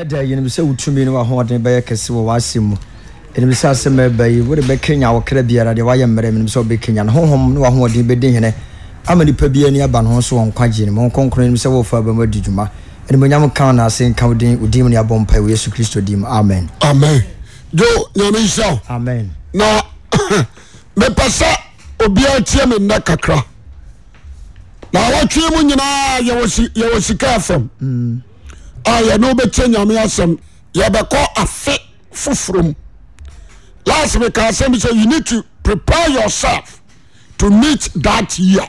ne da yɛnim sɛ wotumi ne wahoɔden bɛyɛ kɛse wɔ w'asɛm mu ɛnim sɛ asɛm ɛba yi wode bɛkenya wɔkra biara deɛ woayɛ mmerɛ menim sɛ wobɛkenya no honhom ne wahoɔden bɛdi hene ama nipa bi ani aba ne ho so wɔ nkwagye no mu nkɔnkron anim sɛ wɔfa bɛm adi dwuma animonyam ka no ase nka wodin wodim ne abɔ mpa wɔ yesu kristo dim amen amen jo nyame nhyɛ amen na mepɛ sɛ obiara tie me nnɛ kakra na awɔtwe mu nyinaa yɛwɔ sika fam mm. ayɛneobɛke ah, nyame asɛm yɛbɛkɔ afe foforom las weka asɛm isɛ you ne to prepare yourself to met that year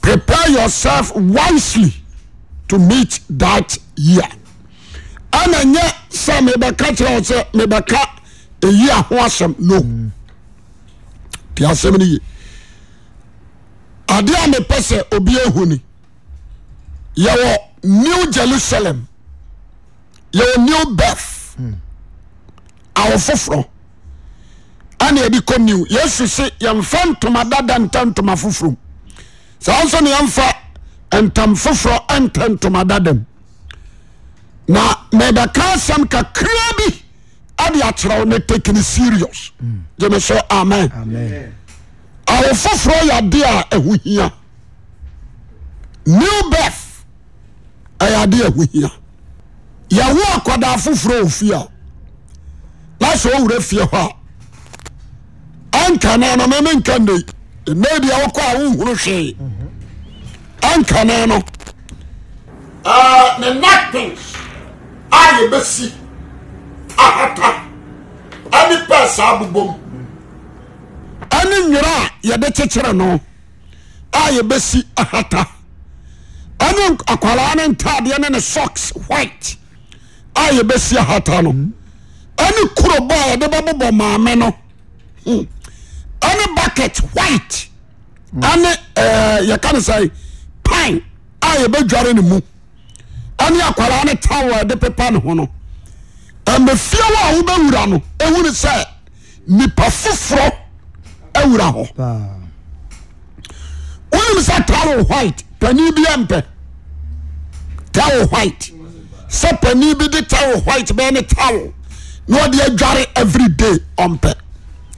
prepare yourself wisely to meet that year ana yɛ sa mebɛka kyerɛhɔ sɛ mebɛka ayi ho asɛm no nti asɛm no y ade a mepɛsɛ obi ahuni yɛwɔ new jerusalem yɛw new bɛth awofoforɔ ane adi kɔ new yesur se yɛmfa ntomadada na ntomafoforom saa nso ne yɛmfa ntam foforɔ nta ntomada dam na medaka asɛm kakra bi ade akyerɛ w ne taken serious gye me sɛ amen awofoforɔ yɛde a aho hia ne bth ɛyɛ ade ɛho hia yɛwo akwadaa foforɔ ofie a na sɛ owura fie hɔ a anka ne no meme nka nne nne deɛ wokɔ a wonhuru hwee anka ah, ne no ne napkins a yɛbɛsi ahata ane pɛ saa bobom ɛne nwera a yɛde kyekyere no a yɛbɛsi ahata ɛne akwaraa ne ntadeɛ ne ne soks white a yɛbɛsia hata no ɛne korobɔl de bɛbobɔ maame no ɛne hmm. backet whit hmm. ane eh, yɛka ne sɛ pai a yɛbɛdware ne mu ɛne akwaraa ne tawe de pepa ne ho no mmɛfia wa a wobɛwura no ɛhune sɛ nipa foforɔ awura hɔ wonim sɛ tawel whit pane bia mpɛ sɛ pani bi de twl wit bɛɛ ne tawel na ɔdedware everyda ɔmpɛ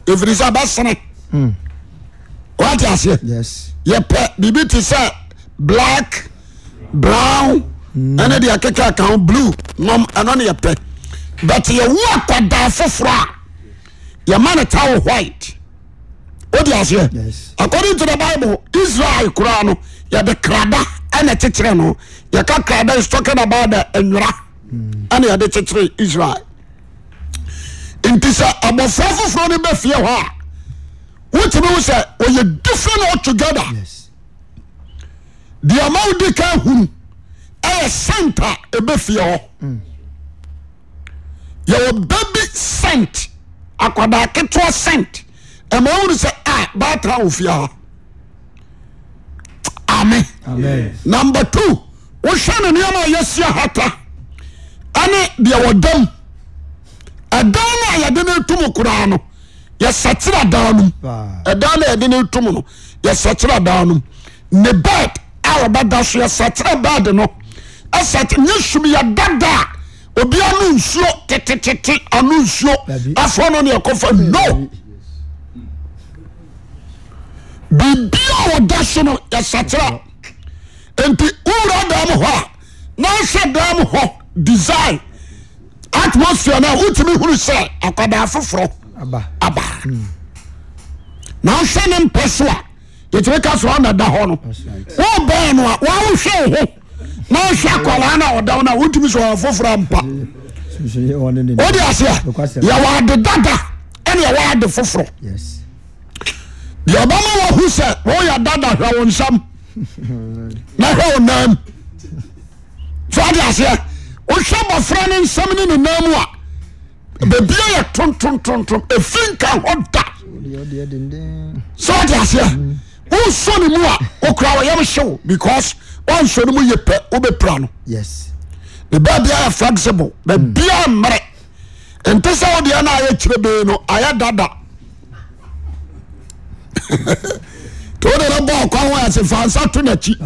ɛfiri sɛ bɛsene hmm. adeaseɛ yɛpɛ biribi te sɛ black brown hmm. ne deakeka aka wo blue noɛon yɛpɛ but yɛwo akɔda foforɔ a yɛma ne tawel wit odasɛ bible isrel kora ɛdada ɛnɛ kyekyere no yɛkakrada is talkin abda wera ɛna yɛde kyekyere israel nti sɛ ɛbɔfoɔ foforɔ no bɛfie hɔ a wotimih sɛ ɔyɛ difren ol together deɛ ama wodi ka mm. hu ɛyɛ cent a bɛfie hɔ yɛwɔ bɛbi cent akwadaaketea cent ɛma wonu sɛ a ah, baatara hofiaha me nam tu wohwɛ no nnoɔma a yɛasi hata ne biɛɔ dam dan noayɛde no t kora no yɛsakerɛ daade no yɛsakerɛ dano m ne bad a ɔbɛda so yɛsakerɛ bad no ne so yɛdadaa obianonsuo teee anonsuo afono n yɛkɔfa no birbia ɔda so no yɛsakyera nti wowura dam hɔ a na nhwɛ dam hɔ desin atmosfere no a wotumi huru sɛ akwada foforɔ baa nansɛne mpɛsea ekyerɛ ka so anada hɔ no woɔa no a wohwɛwo ho na nhwɛ ka naɔda no wotumi sɛwɔfoforɔ mpa wodeaseɛ yɛwɔ adedada ɛne ɛwɔade foforɔ amawhusɛ ɔyɛdadahwo ns mɛhwɛ wo nam so ade aseɛ wohwɛ bɔfra no nsɛm ne ne nam mu a bɛbia yɛ tontontontom ɛfi nka hɔ da sɛ ade aseɛ wonsɔ ne mu a wokora wɔyɛ mhye wo because wansɔ no mu yɛ pɛ wobɛpira no ne baabia yɛ flexible baabia mmerɛ nte sɛ wodeɛ no a yɛ kyerɛ bee no ayɛ dada bkasfaansa to noki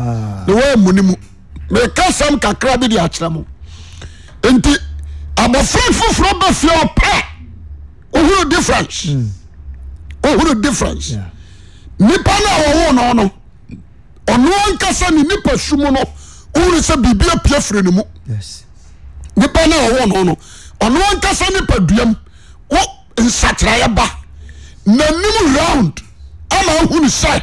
newaamuni mu kasɛmkakra bidekerɛni abfɛ foforɔ bɛfie ɔprɛ odifeeneonasanenipa sm no oene sɛ biribia pia firɛ ne muaiaaakeraɛa anu roun amahun sɛ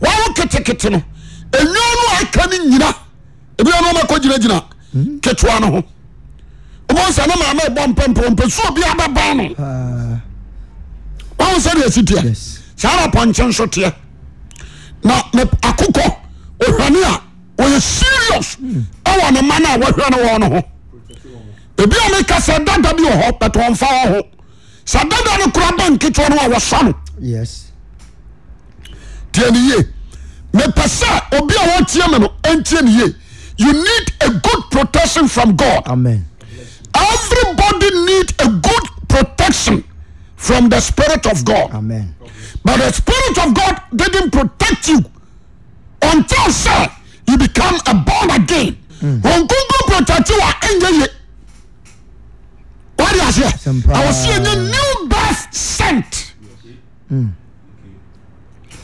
wawo ketekete no nwaano aɛka ne nyina binomɛkɔ gyinagina ketea n ho osne mamaɛsuanoɛɛsrosnmanianekasa ah. hmm. dada i hɔ butfaho sa dada ne kraban nkee nwɔsɔno tnye mepesa obeawotiemeno ontienye you need a good protection from god everybody need a good protection from the spirit of god but the spirit of god didn't protect you until sa you become a bold again mm. onkunko protect wa nyeye adase iwsee new best sent mm.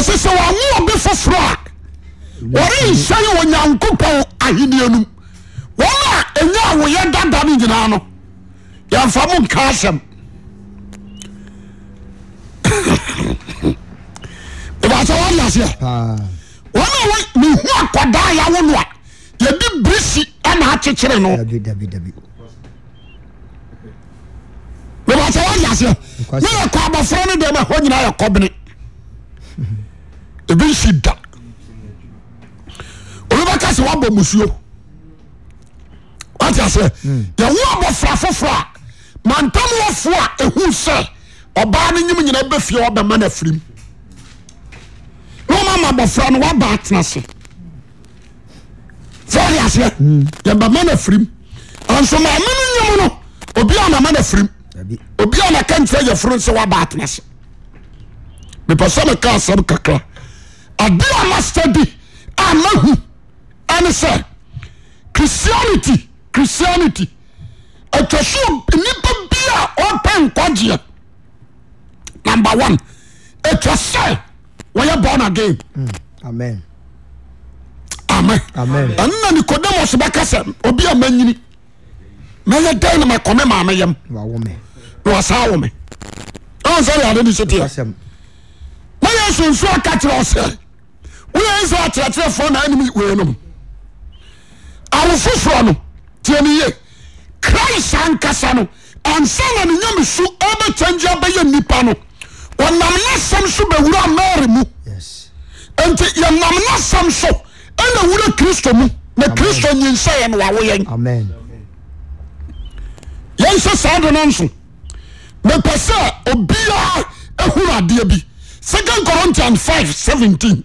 ɔsɛ sɛ wɔawo ɔbe foforɔ a wɔrenhyɛn wɔ nyankopɔn ahenniɛ nom wɔn a ɛnya a woyɛ dada no nyinaa no yɛmfa mo nka asɛm ìbáṣẹ wọn yà sí ẹ wọn náà wọn mihu akwadaa yàwó nù a yẹbi birisi ẹna akyekyere nù ìbáṣẹ wọn yà sí ẹ ní ẹkọ abọfra ni dẹrẹ ẹhọ nyinaa yẹ kọbìnrin. bisi da omibɛka sɛ wabɔ musuo tɛ hmm. yɛwoabɔfra foforɔ a manamfo a hu sɛ ɔba no yim nyina befie wabɛmano firim ne mamabɔfra nowabatenase ɛeɛ amano hmm. firim nsmamanoymno obinamana fr akairɛyɛfsɛ watenase mepɛsɛmeka sɛm kakra adiamasta de amahu ane sɛ cristianity christianity atwa sɛ nipa bia ɔpɛnkɔdyeɛ nambe one atwa sɛ wɔyɛ bɔno gaime mm, ame ɛnena nikodemos bɛkasɛ obi a mayini meyɛ dan no mɛkɔme maameyam wasa awome ɛsaredeneset ma yɛ sonsu aka terɛsɛ woyɛɛsɛ trɛterɛfnanino awofoforɔ no tiɛniye kris aa nkasa no ansanano nwamesu ɔbɛtangye bɛyɛ nnipa no ɔnam nosɛm so bɛwura mare mu nti yɛnam no asɛm so ɛna wura kristo mu na kristo nyinsɛɛnowawo yɛn yɛn sɛ saa de no nso mepɛ sɛ obiara hunu adeɛ bi 2 corintians 517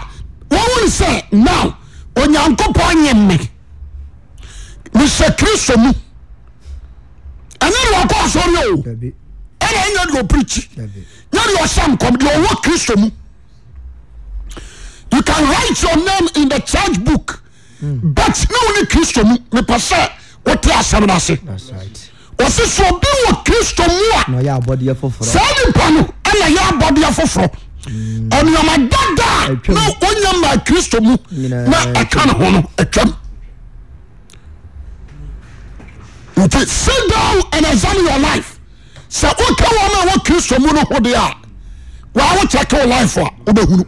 sɛ now onyankopɔn yeme mesɛ kristo mu ɛnɛ rewɔkɔ ɔsɔreɛ o ɛnayɛdeɔpreach yɛdeɔsam kmneɔwɔ kristo mu you can writ your name in the church book but ne wone kristo mu mepɛ sɛ wote asɛm no ase wɔse sɛ obi wɔ kristo mu asaa nipa no ɛnayɛ abɔdeɛ foforɔ Mm. ɔneɔmadadaa na oya ma kristo mu na ɛka ne ho no twam nti sida nɛsane yɛ lif sɛ wokɛ wɔ na a wɔ kristo mu no hodeɛ a waa wotɛkewo lif a wobɛhunu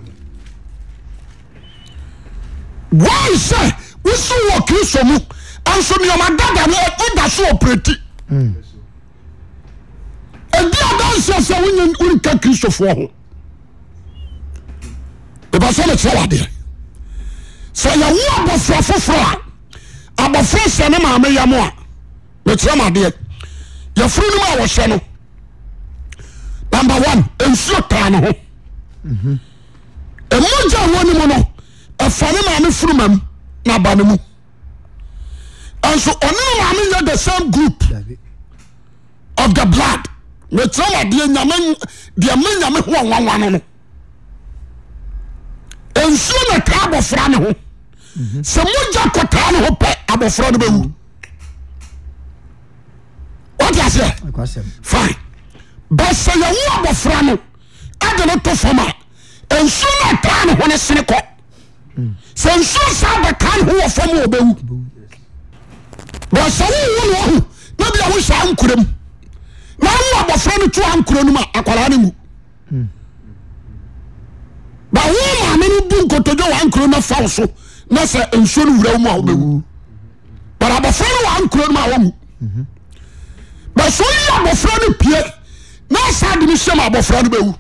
wi sɛ wosowwɔ kristomu ɛnsonneɔmadada nwoda so ɔ perɛti mm. ɛdiadanseɛ sɛ wonka kristofoɔ ho bíbá sọ mi kyerɛ wadeɛ sɛ yɛwo abɔfra foforɔ a abɔfra hyɛ ne maame yam a mekyerɛ mu adeɛ yɛfuru no mu a wɔhyɛ no number one nsuo taa ne ho mhm. mmogya a wɔne mu no ɛfa ne maame furuma mu na aba ne mu nso ɔne ne maame yɛ the same group of the blood mekyerɛ mu adeɛ nyame deɛ me nyame ho a nwanwa no no ansuonɛta abɔfra ne ho sɛ moya kɔtaa ne ho pɛ abɔfra no bɛwu oteaseɛ fa bɛsɛ yawu abɔfra no adenoto fam a ansuo nɛɛta neho no sene kɔ sɛnsuo saa bɛka ne howɔ famɔbɛwu bsɛ wowonoho na biahohɛa nkuram na awu abɔfra no twoa nkura nma akwaa ne wu bɛhomaameno u nkotowo w nkuro nomfawo so na sɛ nsuo no wura w mu ɛ bat abɔfra no w nkuro nomawou bɛsoiyɛ abɔfra no pie nasaa de m hia abɔfra no bɛwu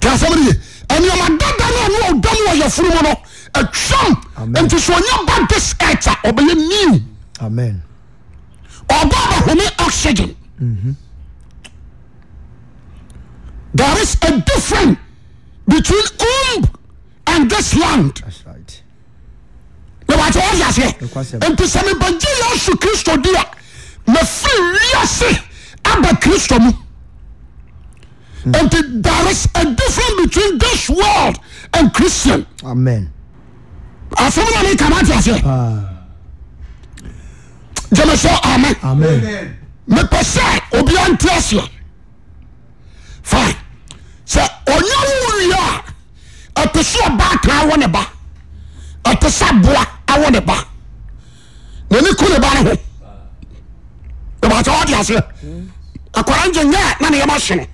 tasɛmne y nmadada nendam yɛ foromu no twa nti soɔnyɛ badis ata ɔɛɛ ni ɔba bɛhome osygen mhm. here is a different between om and this land mebatataɛ ant se mi baye yesu kristo dia mefre riase aba kristo mu hmm. nt there is a differente between this world and christian aynamtaɛ gemes amn mekpese obiantsa ɔnya wowie a ɛte sɛ ɔba atra wɔ ne ba ɛte sɛ boa awɔ ne ba nani ku ne ba ne ho ɛbɛkyɛ wɔde aseɛ akwara ngye nyɛ na ne yɛma hyene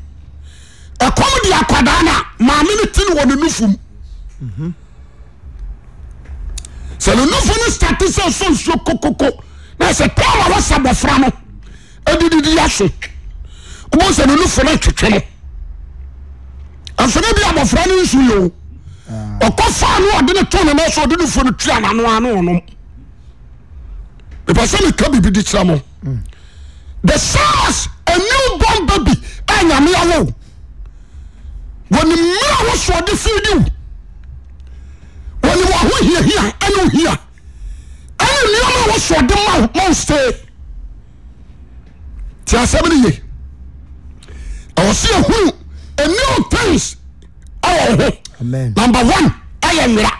akwadaa no a maame no ti no wɔ ne nufum sɛ ne nufo no sate sɛ so nsuo kokoko na sɛ tama wɔsa bɔfra no adididi aso wobɛhu sɛ ne nufo no atwetwe ɛmfɛne bi abɔfra ah. no nsu yɛ o ɔkɔ faa no ɔde ne tone no so ɔde ne fuo no tua nanoano ɔnom mepɛ sɛ meka biribi de kyerɛ mo hmm. the sars a new born baby e a nyame awo wɔne mmerɛ wo so ɔde fiidi wo wɔne wɔho hiahia ɛne wo hia ɛne nneɔma e wo so ɔde ma wo ma wo see nti asɛm no ye ɛwɔ sɛ ahunu amel tins w numbe on ɛyɛyra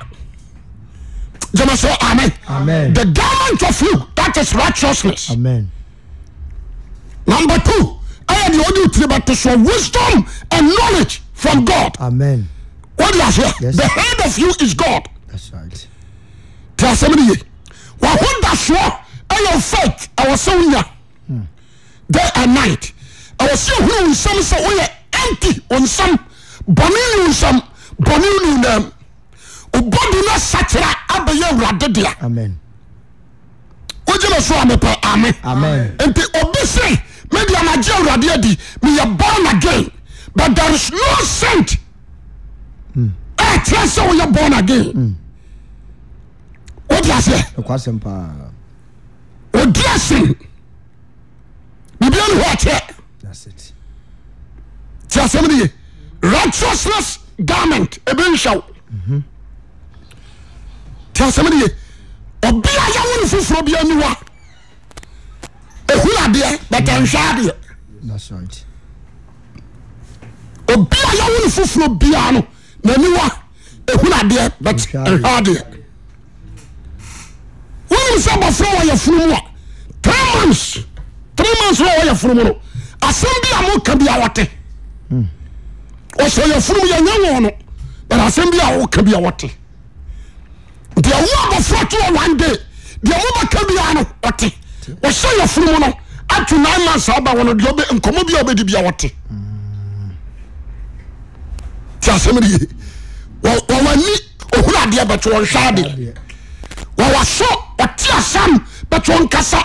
emɛ mn the gament of you tatis righteousness numbe t ɛyɛdɛe wisdom and knowledge from godhe hd of you is godsɛdy yɛtwɛda annit onsam bone nunsam bone nun obodono satera abeye weradedea wojenesoamepa ame nte obese mediamaje weradeadi meye bon again but there is no sent ekere hmm. se oye bonagan hmm. wodeas odisen bebinohoatee nti asɛm deɛ ritsness gment bɛnhyɛw nti asɛm deɛ ɔbi a yɛwone foforɔ bianiwa ɛhunaadeɛ bɛtanhwdeɛ obi a yɛwo ne foforɔ bia no naniwa hunadeɛ bɛtnwadeɛ wonim sɛ bɔforo wɔyɛ fonom a tmantstmntyɛ fonnsɛm biamka iawɔte ɔsɛyɛ forom yɛnyɛ wɔ no bat asɛm biaa ɔwoka bia wɔte nti ɛwo a bɔforɔ toa wan de deɛ mobaka bia no ɔt ɔsɛ yɛ forom no atwuna masa wba wono ɛnkɔmɔ bia wobɛdibiawɔt ntiasɛmree wani ɔhoradeɛbatɔsade wwas ɔteasan bɛtwɔn kasan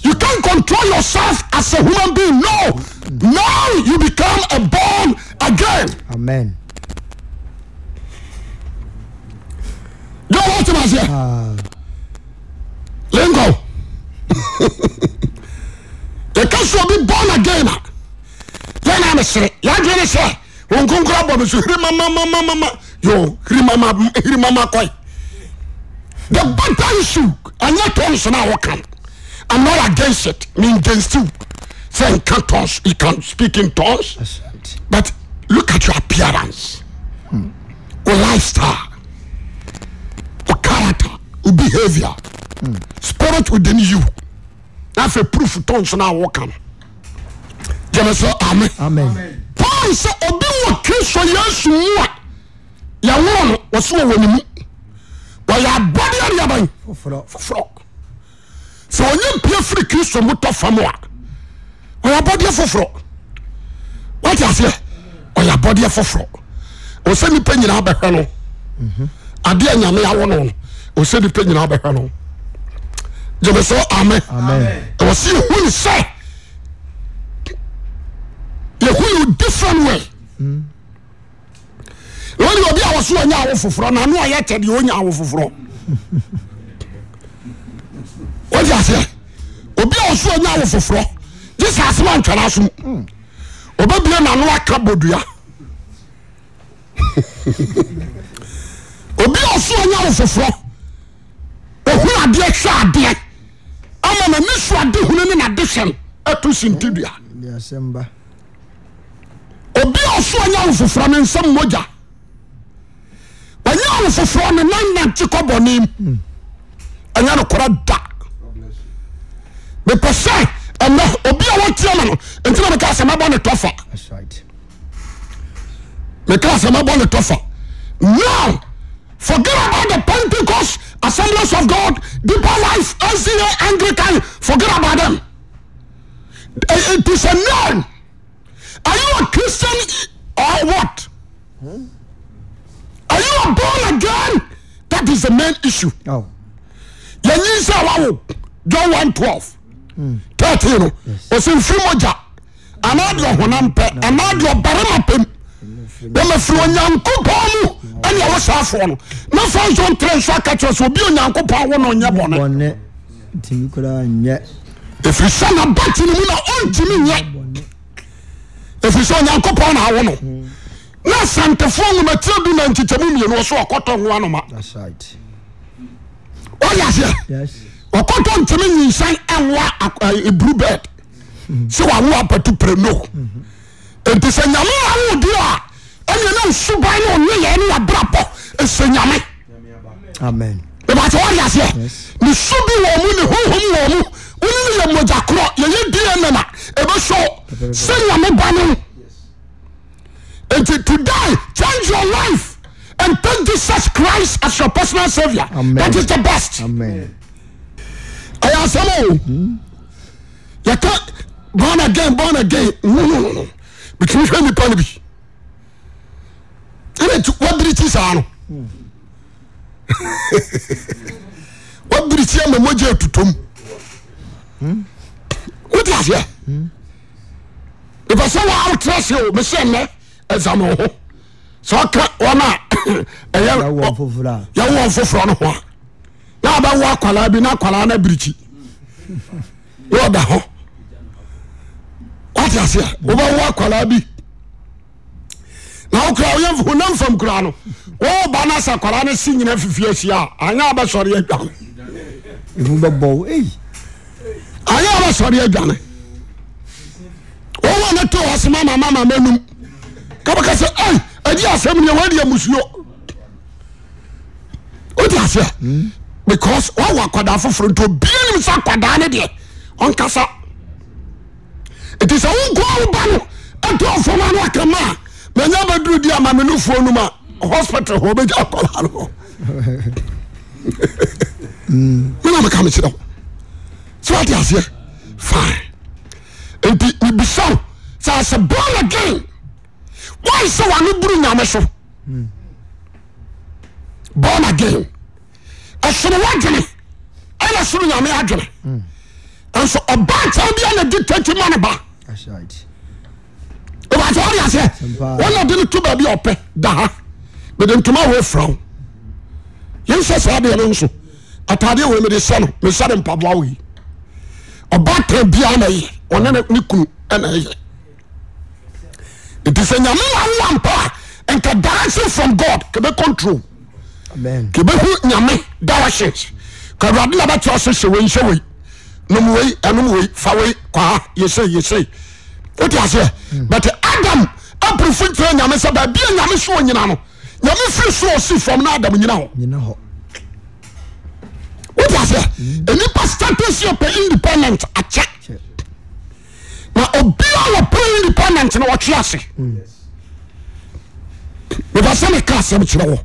you can control yourself as a human being no now you become abon againeabebon againyeeay agains it meenst sɛ nka os an spea in tors but look at you appearance hmm. o life style o character o behavior hmm. sporet within you na fe profnsnowokan ɛɛ sɛ ɔdiwɔkeso yɛsumu a yɛwoo no wɔ sɛ wwɔ nemu yɛ bɔdadeaba sɛɔnyampia fire kristo mutɔ fam a ɔyɛ bɔdeɛ foforɔ wataseɛ ɔyɛ bɔdeɛ foforɔ ɔsɛ nipɛ nyina bɛhwɛ no adea nyame wonn ɔsɛnipnyinabɛw no emesɛ amɛ wɔs yɛhu sɛ yɛhedifren wa waneɔdewɔsonyawo foforɔnanoyɛkɛdeɛ ɔnya awo foforɔ wọ́n ti obi a ọ̀ṣun ọ̀nyá wò foforọ yé sá asem àǹtwẹ̀rẹ̀ asom ọba bìrẹ̀ nànú aka bòdua obi a ọ̀ṣun ọ̀nyá wò foforọ òhun adeɛ hwɛ adeɛ ama na ne su ade hunu ne n'ade hyɛn ɛto sinti dua obi a ọ̀ṣun ọ̀nyá wò foforọ ne nsɛm mogya ọ̀nyá wò foforọ ne nan nante kɔ bɔ ne mu ɛnyɛ no kora da. e obiatar neamabetfa now forget about the pentecost assemblance of god depalife ansina angrican forget about them eh, eh, itis a non are you a christian eh, orwat are you a bol again that is the main issue oh. yanyise awao john 12 tati no ɔsɛmfiri mɔgya anaadeɛ honam pɛ anaadeɛ barema pɛm onyankopɔn mu ɛnea wo saafoɔ no na fa nso ntrɛ nso aka kyerɛ sɛ obi onyankopɔn wo na ɔnyɛ bɔne ɛfiri sɛ nabate no mu na ɔntimi nyɛ ɛfiri sɛ onyankopɔn na awo no na du na mmienu ɔkɔtɔ ɔyɛ aseɛ knt teme yinsan wa br bid sewwoapatu prano nt sɛ nyameandea ane subn neyenrap se nyame ɛ esobmu ne omu nemeamakor yenan se nyame bane nti to di change your life an pa jesus christ asyour personal savior atis the best asɛm ya ee tuiipan b wabiriti sano wabiriti aato wosɛ epɛ sɛ wa tres eseme zamo sɛka n fofor hɛo annbr yɛda hɔ wate aseɛ wobɛwa kwara bi na wokahonamfam kura no wɔba no asa kwara no se nyina fifi asia a anybɛsɔreɛ ane aya bɛsɔre adwane wɔwa na to asma mama mama num kabɛkasɛ adi asɛm neɛ waadi musuo wote asea hmm. because wawo akada foforo nti obianim sɛ kdaa ne deɛ nkasa nti sɛ wonkma wo bano atofon anoakamaa manyamadurodiamamenofoɔ noma hospital hɛaa enekamekyerɛ swade aseɛ fa nti bisa sɛsɛ bane gen wi sɛ wano buro yame so bona gan ɔsono wo adwene ɛnɛ soro nyame adwene ns ɔbata bianage takima ne ba obatrea sɛ nedene to babi ɔpɛ daha medentoma fra emsɛ sade noa bin nyamewoa mpaa na arete from god abɛ control kebɛhu nyame daw he kawude nnabɛkese sɛ whɛwei nnfawysswosbuaa apfo iranyasɛbaa nyameso nyina yaf sos fnadamyinah wos nia asipɛ independent akyɛ naapɛɛ independent nease hmm. bɛsɛne kasɛm kyerɛw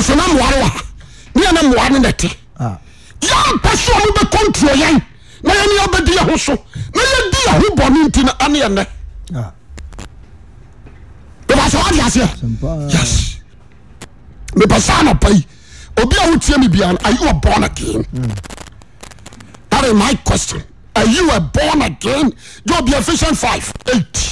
sene moarewa eane moanonete yabasuno becont ye n anabadiaho so meyediaho bɔne ntin anene ah. ebasawadaseyes ebasanapai obiahotiami ban bna mm. ais my question bna beficient 5 e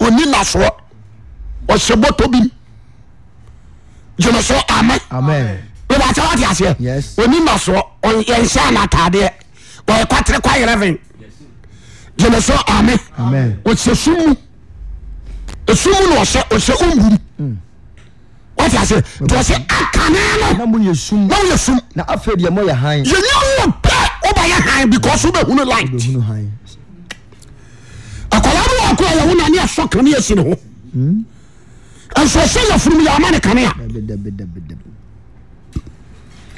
oni nasoɔ ɔhyɛ bɔtɔ bi gyina so amen wobɛkyɛ wate aseɛ oni nasoɔ yɛnhyɛ anataadeɛ ɔyɛ kwatere kwa yerɛven gyina so amen ɔhyɛ sumu esumu na ɔhyɛ ɔhyɛ ombum wate aseɛ nti ɔhyɛ akanaa no na moyɛ sum na moyɛ sum na afei deɛ moyɛ han yɛnyɛ wo pɛ wobɛyɛ han because wobɛhunu light baako a yɛwo nane asɔ kanea si ne ho ɛnso sɛ yɛforom yɛama ne kanea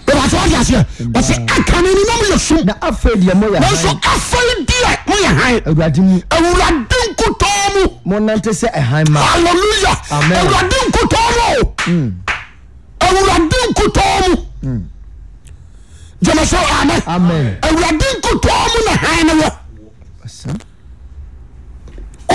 bɛbɛsɛ wode aseɛ ɔsɛ akane no nom yɛ som nanso afei deɛ moyɛ han awurade nkotɔɔ mu aleluya awurade nkotɔɔ mu awurade nkotɔɔ mu gyama sɛ amen awurade nkotɔɔ mu na han no wɔ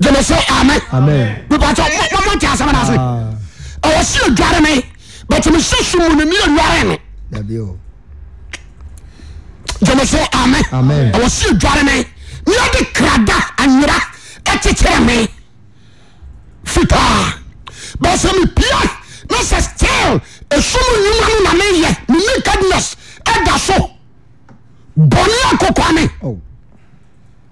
jomese amemmotasemense wose oduare me but mese sumo nemie nuarene jomese ame wsejuareme miede krada ayera tetere me fipa betse me pia mese stel esomo numamnameye mimikadnes ada so bone oh. akokoane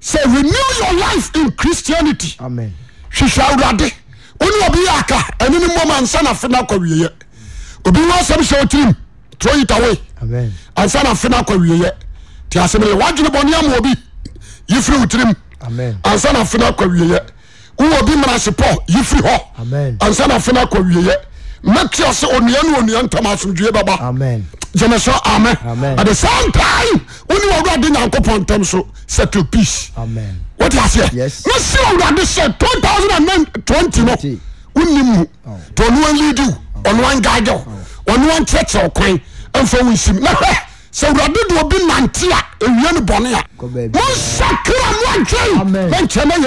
srene your life in christianity hwehwe awurade wone obi yaaka anene mom ansan na fine ka wieye obi wa sɛm sɛ otirim turoyitawe ansanna fine ka wiee tiasemel wojena boneamaobi yefiri wo tirim ansanna fene ka wieye wowobi marase po yefiri h ansana fene ka wieye matise onea noona ntam asomdoe baba genes sa onwe nenpɔ so seklpecɛ0020 onmuɔnale ng nakyeɛkɛwa ɛfaoɛdnante wn ɔ oakra mkɛ